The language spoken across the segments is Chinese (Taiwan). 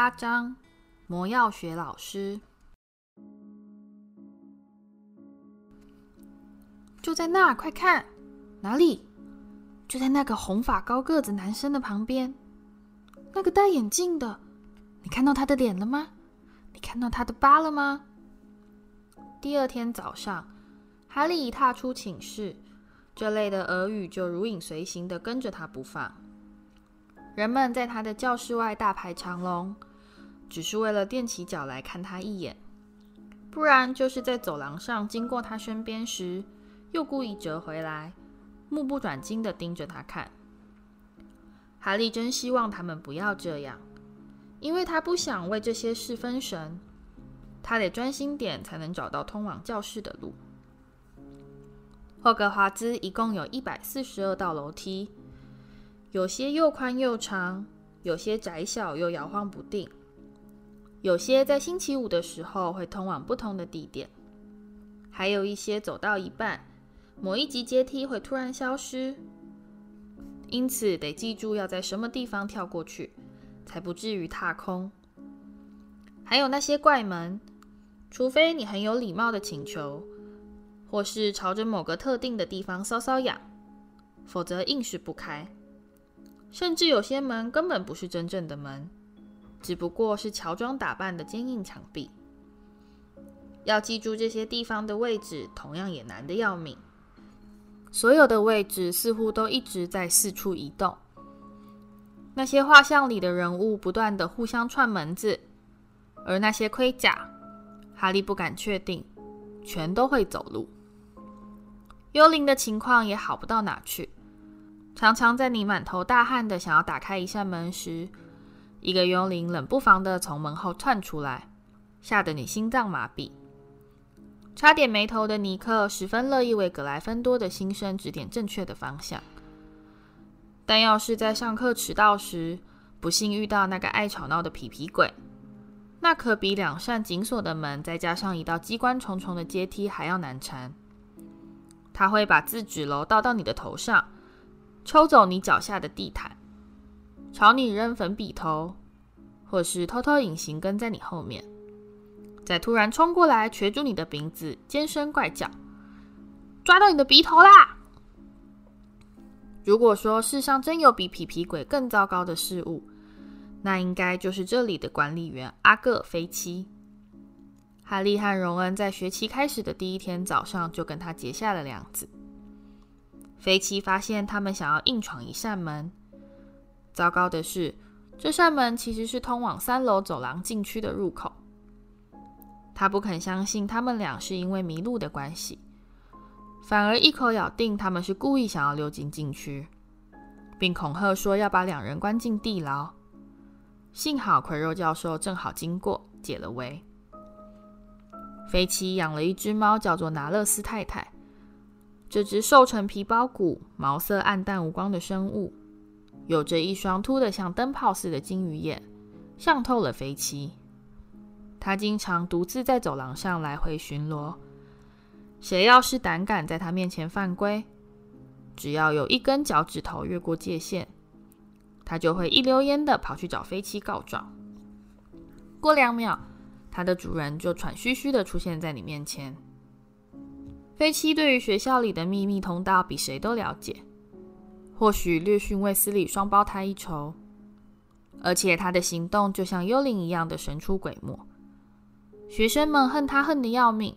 八章，魔藥學老師。就在那，快看！哪裡？就在那個紅髮高個子男生的旁邊，那個戴眼鏡的。你看到他的臉了嗎？你看到他的疤了嗎？第二天早上，哈利一踏出寢室，這類的耳語就如影隨形的跟着他不放。人們在他的教室外大排長龍。只是為了踮起腳來看他一眼，不然就是在走廊上經過他身邊時，又故意折回來，目不轉睛地盯着他看。哈利真希望他們不要這樣，因為他不想為這些事分神。他得專心點，才能找到通往教室的路。霍格華茲一共有一百四十二道樓梯，有些又寬又長，有些窄小又搖晃不定。有些在星期五的時候會通往不同的地點，還有一些走到一半，某一級階梯會突然消失，因此得記住要在什麼地方跳過去，才不至於踏空。還有那些怪門，除非你很有禮貌的請求，或是朝着某個特定的地方搔搔癢，否則硬是不開。甚至有些門根本不是真正的門。只不過是喬裝打扮的堅硬牆壁。要記住這些地方的位置，同樣也難得要命。所有的位置似乎都一直在四處移動。那些畫像裡的人物不斷的互相串門子，而那些盔甲，哈利不敢確定，全都會走路。幽靈的情況也好不到哪去，常常在你滿頭大汗的想要打開一扇門時，一個幽靈冷不防的從門後竄出來，嚇得你心臟麻痹。差點沒頭的尼克十分樂意為格萊芬多的新生指點正確的方向。但要是在上課遲到時，不幸遇到那個愛吵鬧的皮皮鬼，那可比兩扇緊鎖的門再加上一道機關重重的階梯還要難纏。他會把字紙簍倒到你的頭上，抽走你腳下的地毯。朝你扔粉筆頭，或是偷偷隱形，跟在你後面，再突然衝過來，攫住你的鼻子，尖聲怪叫：“抓到你的鼻頭啦！”如果說世上真有比皮皮鬼更糟糕的事物，那應該就是這裡的管理員阿各·飛七。哈利和榮恩在學期開始的第一天早上就跟他結下了梁子。飛七發現他們想要硬闖一扇門。糟糕的是，這扇門其實是通往三樓走廊禁區的入口。他不肯相信他們倆是因為迷路的關係，反而一口咬定他們是故意想要溜進禁區，並恐嚇說要把兩人關進地牢。幸好奎若教授正好經過，解了圍。飛七養了一隻貓，叫做拿樂絲太太。這隻瘦成皮包骨、毛色暗淡無光的生物。有着一雙凸的像燈泡似的金魚眼，像透了飛七。他經常獨自在走廊上來回巡邏，誰要是膽敢在他面前犯規，只要有一根腳趾頭越過界限，他就會一溜煙的跑去找飛七告狀。過兩秒，他的主人就喘籲籲的出現在你面前。飛七對於學校裡的秘密通道比誰都了解。或許略遜衛斯理雙胞胎一籌，而且他的行動就像幽靈一樣的神出鬼沒。學生們恨他恨得要命，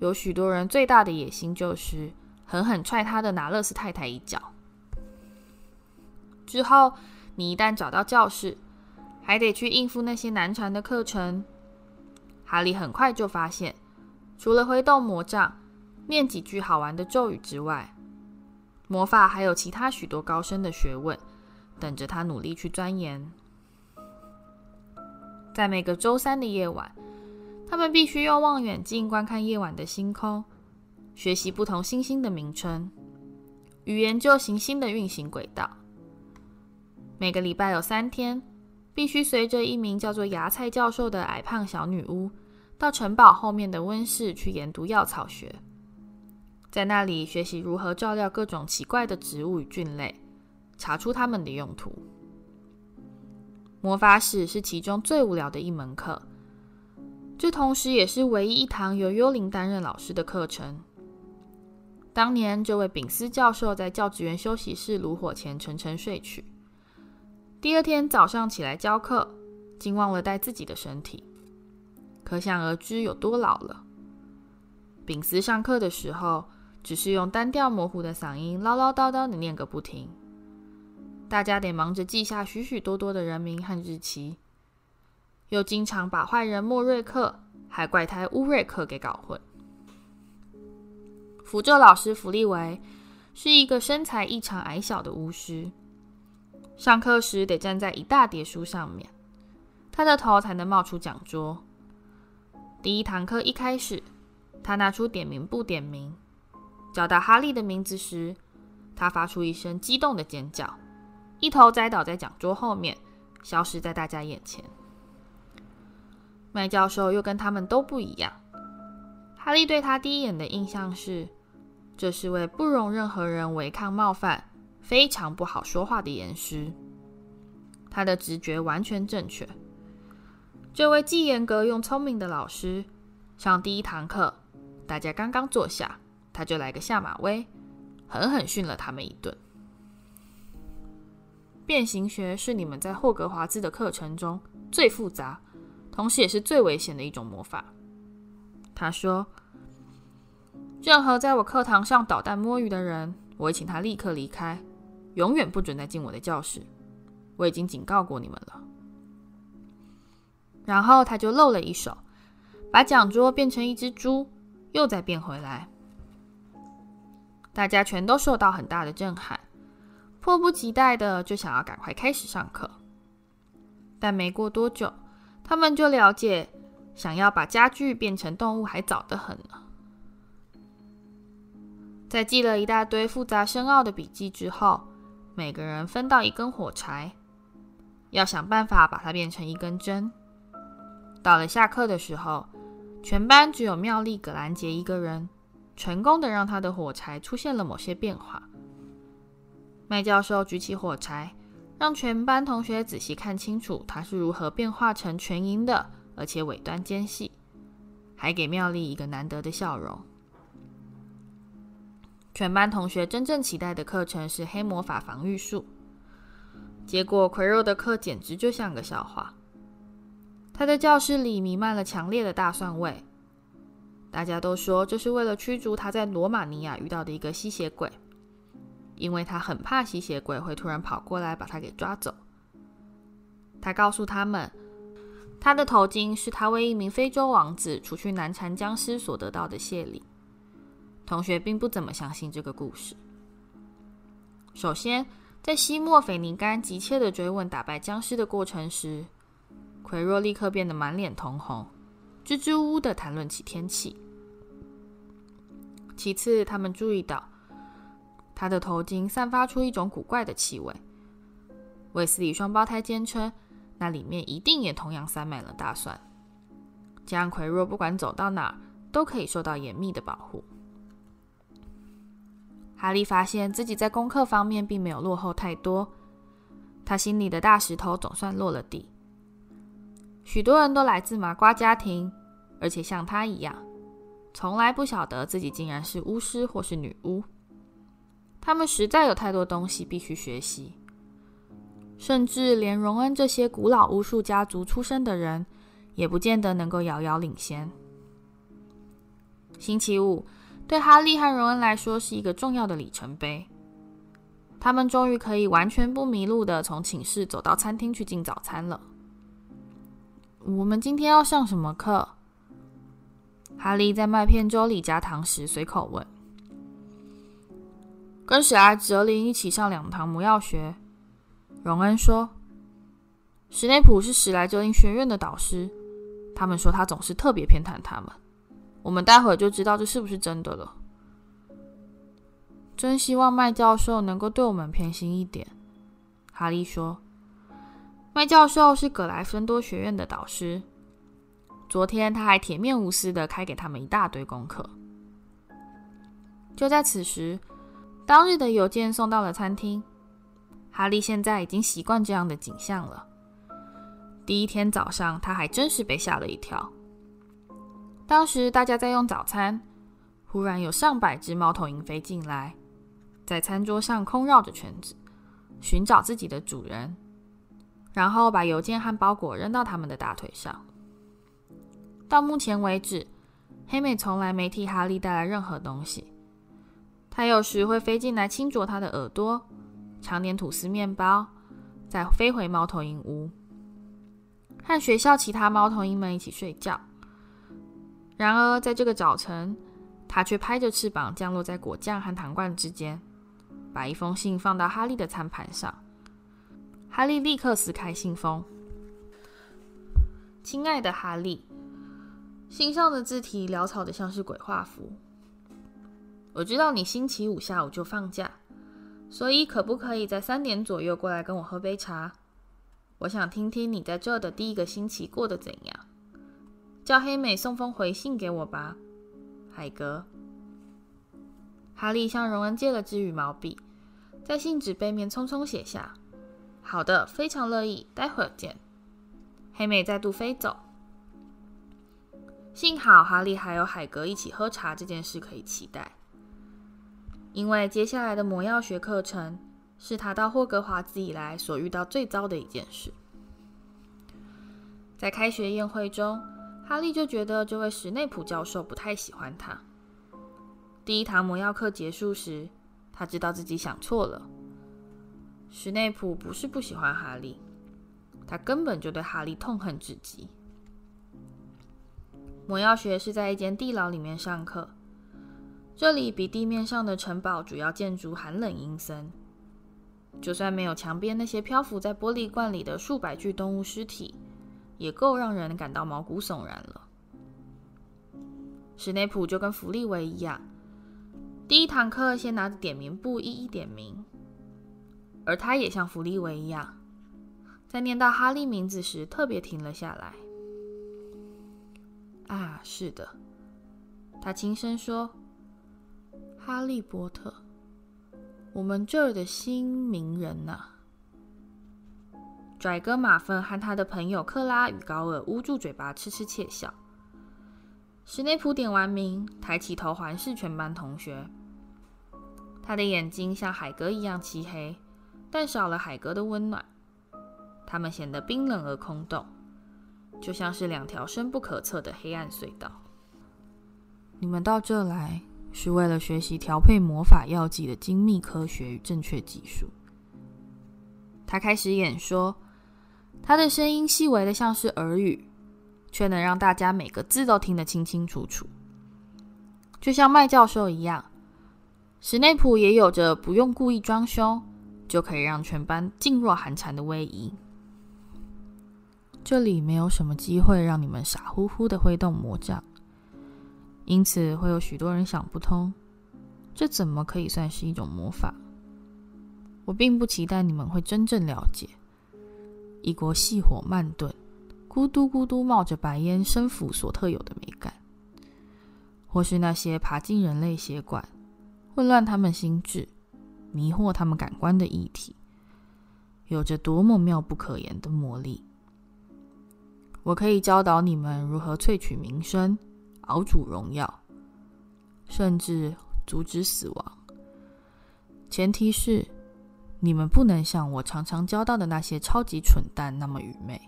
有許多人最大的野心就是狠狠踹他的拿樂絲太太一腳。之後，你一旦找到教室，還得去應付那些難纏的課程。哈利很快就發現，除了揮動魔杖、念幾句好玩的咒語之外，魔法還有其他許多高深的學問等着他努力去鑽研。在每個週三的夜晚，他們必須用望遠鏡觀看夜晚的星空，學習不同星星的名稱與研究行星的運行軌道。每個禮拜有三天，必須隨着一名叫做芽菜教授的矮胖小女巫，到城堡後面的溫室去研讀藥草學。在那裡學習如何照料各種奇怪的植物與菌類，查出它們的用途。魔法史是其中最無聊的一門課，這同時也是唯一一堂由幽靈擔任老師的課程。當年這位賓斯教授在教職員休息室爐火前沉沉睡去，第二天早上起來教課，竟忘了帶自己的身體，可想而知有多老了。賓斯上課的時候，只是用單調模糊的嗓音嘮嘮叨叨嘮的念個不停，大家得忙着記下許許多多的人名和日期，又經常把壞人莫瑞克還怪胎烏瑞克給搞混。符咒老師弗利維是一個身材異常矮小的巫師，上課時得站在一大疊書上面，他的頭才能冒出講桌。第一堂課一開始，他拿出點名簿點名。叫到哈利的名字時，他發出一聲激動的尖叫，一頭栽倒在講桌後面，消失在大家眼前。麥教授又跟他們都不一樣。哈利對他第一眼的印象是，這是位不容任何人違抗冒犯、非常不好說話的嚴師。他的直覺完全正確。這位既嚴格又聰明的老師，上第一堂課，大家剛剛坐下。他就來個下馬威，狠狠訓了他們一頓。變形學是你們在霍格華茲的課程中最複雜，同時也是最危險的一種魔法。他說：“任何在我課堂上搗蛋摸魚的人，我會請他立刻離開，永遠不准再進我的教室。我已經警告過你們了。”然後他就露了一手，把講桌變成一隻豬，又再變回來。大家全都受到很大的震撼，迫不及待的就想要趕快開始上課。但沒過多久，他們就了解，想要把家具變成動物還早得很呢。在記了一大堆複雜深奧的筆記之後，每個人分到一根火柴，要想辦法把它變成一根針。到了下課的時候，全班只有妙麗·葛蘭傑一個人。成功的讓他的火柴出現了某些變化。麥教授舉起火柴，讓全班同學仔細看清楚他是如何變化成全銀的，而且尾端尖細，還給妙麗一個難得的笑容。全班同學真正期待的課程是黑魔法防禦術，結果奎若的課簡直就像個笑話。他的教室裡彌漫了強烈的大蒜味。大家都說這是為了驅逐他在羅馬尼亞遇到的一個吸血鬼，因為他很怕吸血鬼會突然跑過來把他給抓走。他告訴他們，他的頭巾是他為一名非洲王子除去難纏僵屍所得到的謝禮。同學並不怎麼相信這個故事。首先，在西莫菲尼甘急切的追問打敗僵屍的過程時，奎若立刻變得滿臉通紅，支支吾吾的談論起天氣。其次，他們注意到他的頭巾散發出一種古怪的氣味。衛斯理雙胞胎堅稱，那裡面一定也同樣塞滿了大蒜。這樣奎若不管走到哪兒都可以受到嚴密的保護。哈利發現自己在功課方面並沒有落後太多，他心裡的大石頭總算落了地。許多人都來自麻瓜家庭，而且像他一樣。從來不曉得自己竟然是巫師或是女巫，他們實在有太多東西必須學習，甚至連榮恩這些古老巫術家族出身的人，也不見得能夠遙遙領先。星期五對哈利和榮恩來說是一個重要的里程碑，他們終於可以完全不迷路的從寢室走到餐廳去進早餐了。我們今天要上什麼課？哈利在麥片粥裡加糖時，隨口問：“跟史萊哲林一起上兩堂魔藥學。”榮恩說：“史內普是史萊哲林學院的導師，他們說他總是特別偏袒他們。我們待會就知道這是不是真的了。”真希望麥教授能夠對我們偏心一點。”哈利說：“麥教授是葛萊芬多學院的導師。”昨天他還鐵面無私地開給他們一大堆功課。就在此時，當日的郵件送到了餐廳。哈利現在已經習慣這樣的景象了。第一天早上，他還真是被嚇了一跳。當時大家在用早餐，忽然有上百隻貓頭鷹飛進來，在餐桌上空繞着圈子，尋找自己的主人，然後把郵件和包裹扔到他們的大腿上。到目前為止，嘿美從來沒替哈利帶來任何東西。她有時會飛進來，輕啄他的耳朵，嘗點吐司麵包，再飛回貓頭鷹屋，和學校其他貓頭鷹們一起睡覺。然而，在這個早晨，他卻拍着翅膀降落在果醬和糖罐之間，把一封信放到哈利的餐盤上。哈利立刻撕開信封。“親愛的哈利。”信上的字體潦草得像是鬼畫符。我知道你星期五下午就放假，所以可不可以在三點左右過來跟我喝杯茶？我想聽聽你在這的第一個星期過得怎樣？叫黑美送封回信給我吧，海格。哈利向榮恩借了支羽毛筆，在信紙背面匆匆寫下：“好的，非常樂意，待會兒見。”黑美再度飛走。幸好哈利還有海格一起喝茶這件事可以期待，因為接下來的魔藥學課程是他到霍格華茲以來所遇到最糟的一件事。在開學宴會中，哈利就覺得這位史內普教授不太喜歡他。第一堂魔藥課結束時，他知道自己想錯了。史內普不是不喜歡哈利，他根本就對哈利痛恨至極。魔藥學是在一間地牢裡面上課，這裡比地面上的城堡主要建築寒冷陰森。就算沒有牆邊那些漂浮在玻璃罐裡的數百具動物屍體，也夠讓人感到毛骨悚然了。史內普就跟弗利維一樣，第一堂課先拿着點名簿一一點名，而他也像弗利維一樣，在唸到哈利名字時特別停了下來。啊，是的，他輕聲說：“哈利波特，我們這兒的新名人呢、啊。”跩哥馬份和他的朋友克拉與高爾捂住嘴巴，痴痴竊笑。史內普點完名，抬起頭環視全班同學，他的眼睛像海格一樣漆黑，但少了海格的溫暖，他們顯得冰冷而空洞。就像是兩條深不可測的黑暗隧道。你們到這來是為了學習調配魔法藥劑的精密科學與正確技術。他開始演說，他的聲音細微的像是耳語，卻能讓大家每個字都聽得清清楚楚。就像麥教授一樣，史內普也有着不用故意裝兇就可以讓全班噤若寒蟬的威儀。這裡沒有什麼機會讓你們傻乎乎的揮動魔杖，因此會有許多人想不通，這怎麼可以算是一種魔法？我並不期待你們會真正了解一鍋細火慢燉、咕嘟咕嘟冒着白煙、生腐所特有的美感，或是那些爬進人類血管、混亂他們心智、迷惑他們感官的液體，有着多麼妙不可言的魔力。我可以教導你們如何萃取名聲、熬煮榮耀，甚至阻止死亡。前提是你們不能像我常常教到的那些超級蠢蛋那麼愚昧。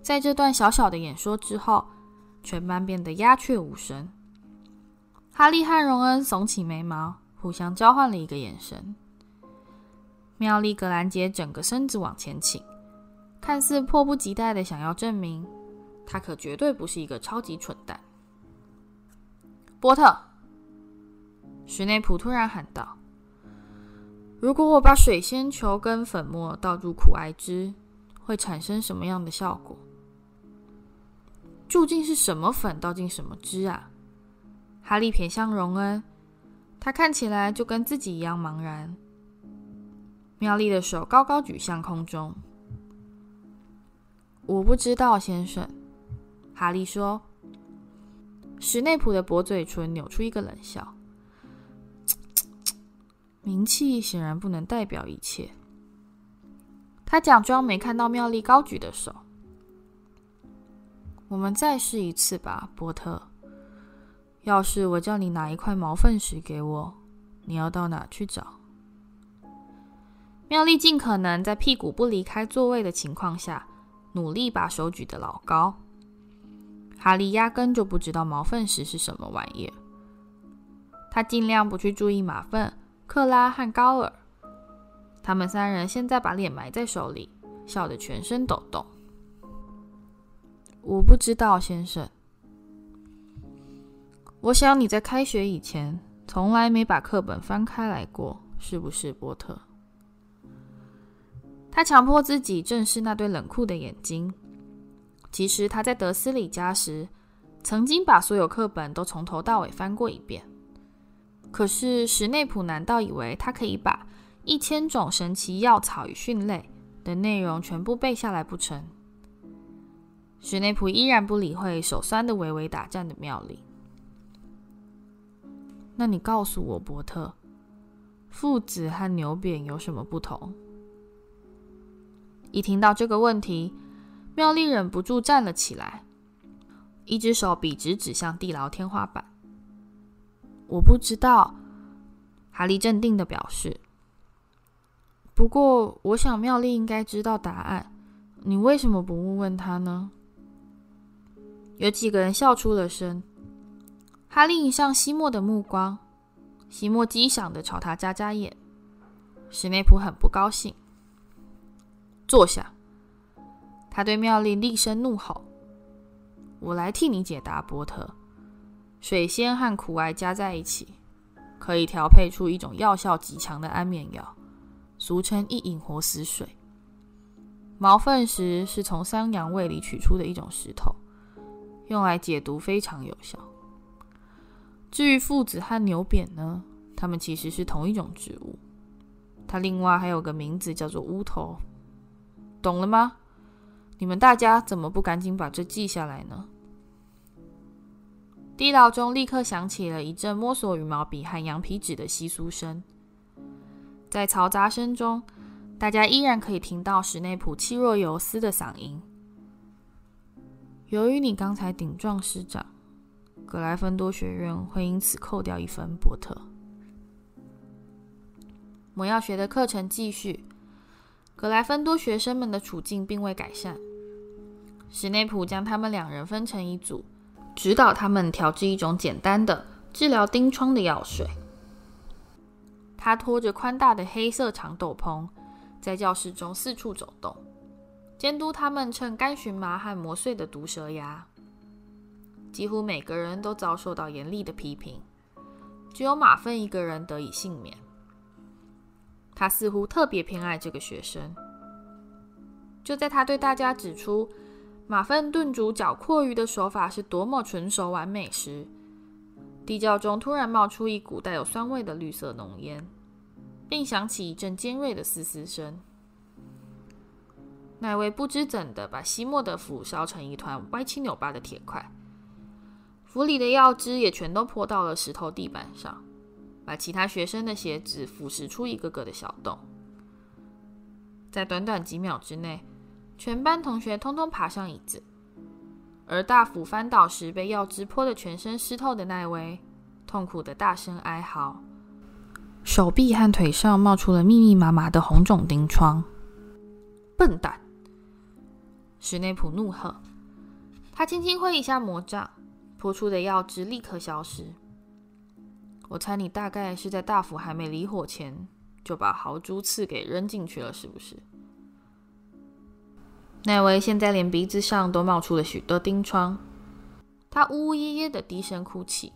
在這段小小的演說之後，全班變得鴉雀無聲。哈利和榮恩聳起眉毛，互相交換了一個眼神。妙麗·格蘭傑整個身子往前傾。看似迫不及待的想要證明，他可絕對不是一個超級蠢蛋。波特，史內普突然喊道：“如果我把水仙球跟粉末倒入苦艾汁，會產生什麼樣的效果？究竟是什麼粉倒進什麼汁啊？”哈利撇向榮恩，他看起來就跟自己一樣茫然。妙麗的手高高舉向空中。我不知道，先生，哈利說。史內普的薄嘴唇扭出一個冷笑，咳咳咳。名氣顯然不能代表一切。他假裝沒看到妙麗高舉的手。我們再試一次吧，波特。要是我叫你拿一塊毛糞石給我，你要到哪去找？妙麗盡可能在屁股不離開座位的情況下，努力把手舉得老高，哈利壓根就不知道毛糞石是什麼玩意兒。他儘量不去注意馬份、克拉和高爾，他們三人現在把臉埋在手裡，笑得全身抖動。我不知道，先生。我想你在開學以前從來沒把課本翻開來過，是不是，波特？他強迫自己正視那對冷酷的眼睛。其實他在德斯里家時，曾經把所有課本都從頭到尾翻過一遍。可是史內普難道以為他可以把一千種神奇藥草與蕈類的內容全部背下來不成？史內普依然不理會手酸的微微打顫的妙麗。那你告訴我，波特，附子和牛扁有什麼不同？一聽到這個問題，妙麗忍不住站了起來，一隻手筆直指向地牢天花板。我不知道，哈利鎮定的表示。不過，我想妙麗應該知道答案。你為什麼不誤問問她呢？有幾個人笑出了聲。哈利迎向西莫的目光，西莫機警的朝他眨眨眼。史內普很不高興。坐下，他對妙麗厲聲怒吼：“我來替你解答。”波特，水仙和苦艾加在一起可以調配出一種藥效極強的安眠藥，俗稱“一飲活死水”。毛糞石是從山羊胃裡取出的一種石頭，用來解毒非常有效。至於附子和牛扁呢？它們其實是同一種植物，它另外還有個名字叫做烏頭。懂了嗎？你們大家怎麼不趕緊把這記下來呢？地牢中立刻響起了一陣摸索羽毛筆和羊皮紙的窸窣聲，在嘈雜聲中，大家依然可以聽到史內普氣若游絲的嗓音。由於你剛才頂撞師長，格萊芬多學院會因此扣掉一分，波特。魔藥學的課程繼續。格萊芬多學生們的處境並未改善。史內普將他們兩人分成一組，指導他們調製一種簡單的治療疔瘡的藥水。他拖着寬大的黑色長斗篷，在教室中四處走動，監督他們趁乾蕁麻和磨碎的毒蛇牙。幾乎每個人都遭受到嚴厲的批評，只有馬份一個人得以幸免。他似乎特別偏愛這個學生。就在他對大家指出馬份燉煮角蛞蝓的手法是多麼純熟完美時，地窖中突然冒出一股帶有酸味的綠色濃煙，並響起一陣尖銳的嘶嘶聲。奈威不知怎的把西莫的釜燒成一團歪七扭八的鐵塊，釜裡的藥汁也全都潑到了石頭地板上。把其他學生的鞋子腐蝕出一個個的小洞，在短短幾秒之內，全班同學通通爬上椅子。而大釜翻倒時被藥汁潑得全身濕透的奈威，痛苦的大聲哀嚎，手臂和腿上冒出了密密麻麻的紅腫疔瘡。笨蛋！石內卜怒喝，他輕輕揮一下魔杖，潑出的藥汁立刻消失。我猜你大概是在大釜還沒離火前，就把豪豬刺給扔進去了，是不是？奈威現在連鼻子上都冒出了許多釘瘡，他嗚嗚咽咽的低聲哭泣。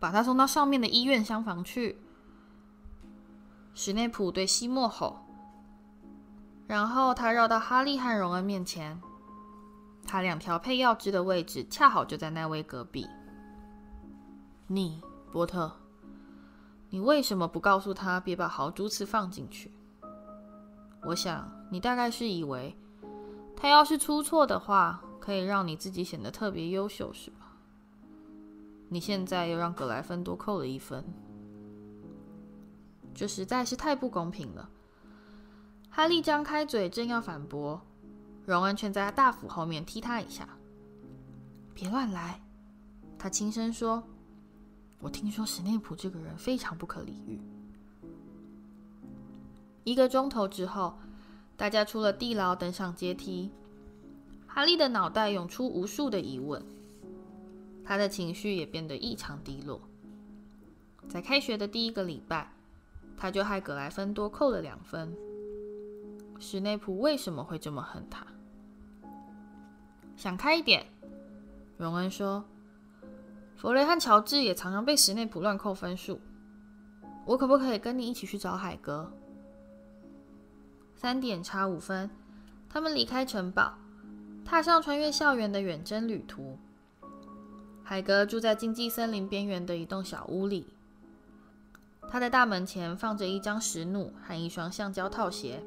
把他送到上面的醫院廂房去！史內普對西莫吼，然後他繞到哈利和榮恩面前，他兩條配藥汁的位置恰好就在奈威隔壁。你，波特，你為什麼不告訴他別把豪豬刺放進去？我想你大概是以為，他要是出錯的話，可以讓你自己顯得特別優秀，是吧？你現在又讓葛來分多扣了一分，這實在是太不公平了。哈利張開嘴正要反駁，榮恩卻在他大釜後面踢他一下：“別亂來。”他輕聲說。我聽說史內普這個人非常不可理喻。一個鐘頭之後，大家出了地牢，登上階梯。哈利的腦袋湧出無數的疑問，他的情緒也變得異常低落。在開學的第一個禮拜，他就害格萊芬多扣了兩分。史內普為什麼會這麼恨他？想開一點，榮恩說。弗雷和喬治也常常被史內普亂扣分數。我可不可以跟你一起去找海格？三點差五分，他們離開城堡，踏上穿越校園的遠征旅途。海格住在禁忌森林邊緣的一棟小屋裡，他的大門前放着一張石弩和一雙橡膠套鞋。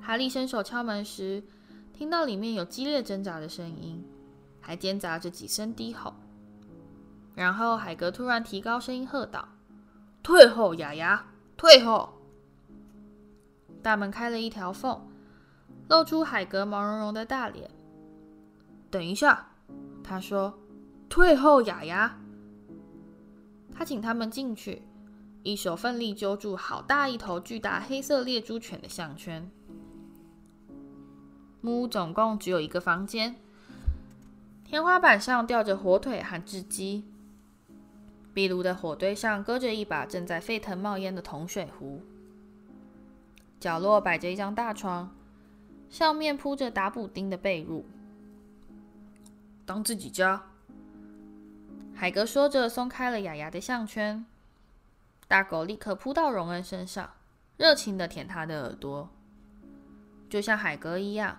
哈利伸手敲門時，聽到裡面有激烈掙扎的聲音。還間雜着幾聲低吼，然後海格突然提高聲音喝道：“退後，牙牙，退後！”大門開了一條縫，露出海格毛茸茸的大臉。等一下，他說：“退後，牙牙。”他請他們進去，一手奮力揪住好大一頭巨大黑色獵豬犬的項圈。木屋總共只有一個房間。天花板上吊着火腿和雉雞，壁爐的火堆上擱着一把正在沸騰冒煙的銅水壺。角落擺着一張大床，上面鋪着打補丁的被褥。當自己家，海格說着鬆開了雅雅的項圈，大狗立刻撲到榮恩身上，熱情地舔他的耳朵，就像海格一樣。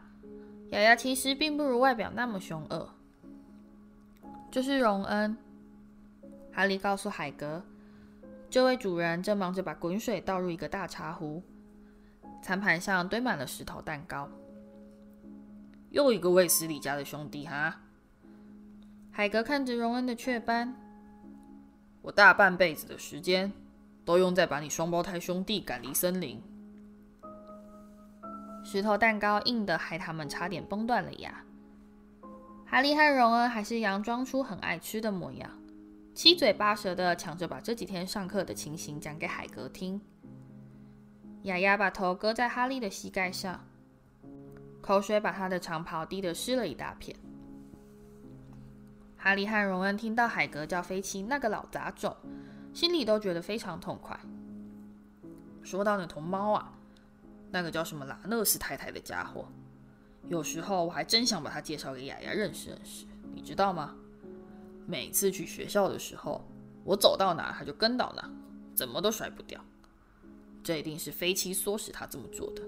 雅雅其實並不如外表那麼凶惡。就是榮恩，哈利告訴海格，這位主人正忙着把滾水倒入一個大茶壺。餐盤上堆滿了石頭蛋糕，又一個衛斯理家的兄弟哈！海格看着榮恩的雀斑，我大半輩子的時間都用在把你雙胞胎兄弟趕離森林。石頭蛋糕硬得，害他們差點崩斷了呀！哈利和榮恩還是佯裝出很愛吃的模樣，七嘴八舌地搶着把這幾天上課的情形講給海格聽。雅雅把頭擱在哈利的膝蓋上，口水把他的長袍滴得濕了一大片。哈利和榮恩聽到海格叫飛七那個老雜種，心裡都覺得非常痛快。說到那頭貓啊，那個叫什麼拉勒斯太太的家伙，有時候我還真想把他介紹給牙牙認識認識，你知道嗎？每次去學校的時候，我走到哪，他就跟到哪，怎麼都甩不掉。這一定是飛七唆使他這麼做的。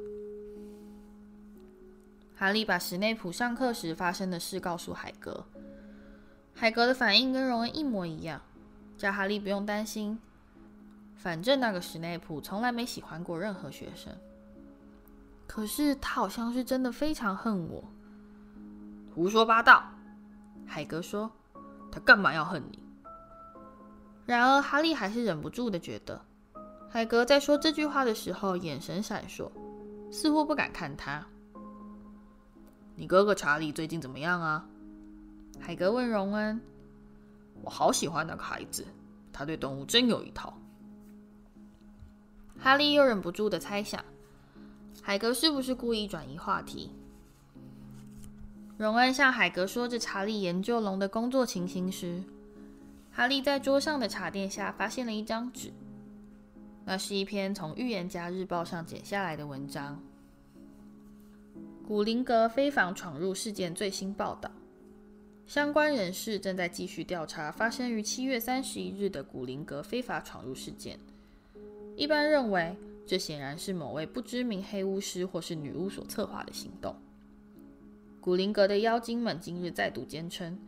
哈利把史內普上課時發生的事告訴海格，海格的反應跟榮恩一模一樣。叫哈利不用擔心，反正那個史內普從來沒喜歡過任何學生。可是他好像是真的非常恨我。胡說八道，海格說：“他幹嘛要恨你？”然而哈利還是忍不住的覺得，海格在說這句話的時候眼神閃爍，似乎不敢看他。你哥哥查理最近怎麼樣啊？海格問榮恩，我好喜歡那個孩子，他對動物真有一套。哈利又忍不住的猜想。海格是不是故意轉移話題？榮恩向海格說着查理研究龍的工作情形時，哈利在桌上的茶墊下发現了一張紙，那是一篇從《預言家日報》上剪下來的文章——古靈閣非法闖入事件最新報道。相關人士正在繼續調查发生於七月三十一日的古靈閣非法闖入事件。一般認為。這顯然是某位不知名黑巫師或是女巫所策劃的行動。古靈閣的妖精們今日再度堅稱，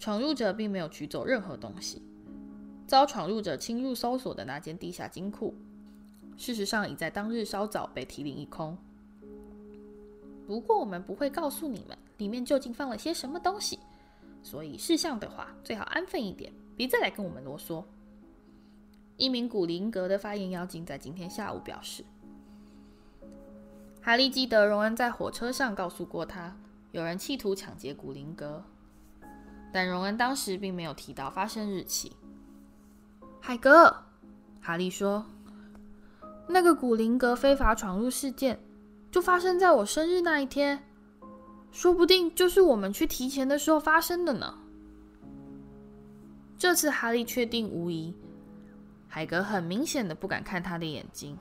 闖入者並沒有取走任何東西。遭闖入者侵入搜索的那間地下金庫，事實上已在當日稍早被提領一空。不過我們不會告訴你們裡面究竟放了些什麼東西，所以識相的話，最好安分一點，別再來跟我們囉嗦。一名古靈閣的發言妖精在今天下午表示：“哈利記得榮恩在火車上告訴過他，有人企圖搶劫古靈閣，但榮恩當時並沒有提到發生日期。”海格，哈利說：“那個古靈閣非法闖入事件就發生在我生日那一天，說不定就是我們去提錢的時候發生的呢。”這次哈利確定無疑。海格很明顯的不敢看他的眼睛。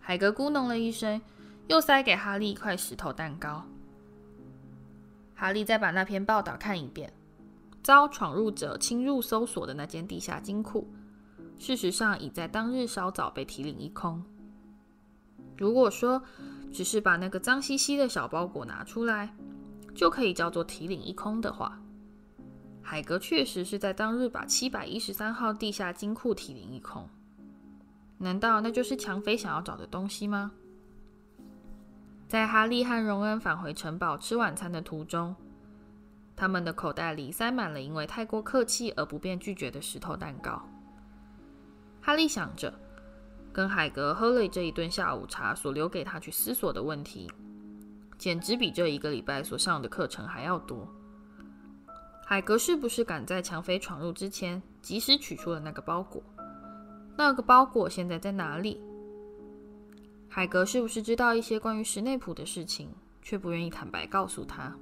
海格咕噥了一聲，又塞給哈利一塊石頭蛋糕。哈利再把那篇報道看一遍，遭闖入者侵入搜索的那間地下金庫，事實上已在當日稍早被提領一空。如果說只是把那個髒兮兮的小包裹拿出來，就可以叫做提領一空的話，海格確實是在當日把七百一十三號地下金庫提領一空，難道那就是搶匪想要找的東西嗎？在哈利和榮恩返回城堡吃晚餐的途中，他們的口袋裡塞滿了因為太過客氣而不便拒絕的石頭蛋糕。哈利想着，跟海格喝了這一頓下午茶所留給他去思索的問題，簡直比這一個禮拜所上的課程還要多。海格是不是趕在搶匪闖入之前及時取出了那個包裹？那個包裹現在在哪裡？海格是不是知道一些關於史內普的事情，卻不願意坦白告訴他？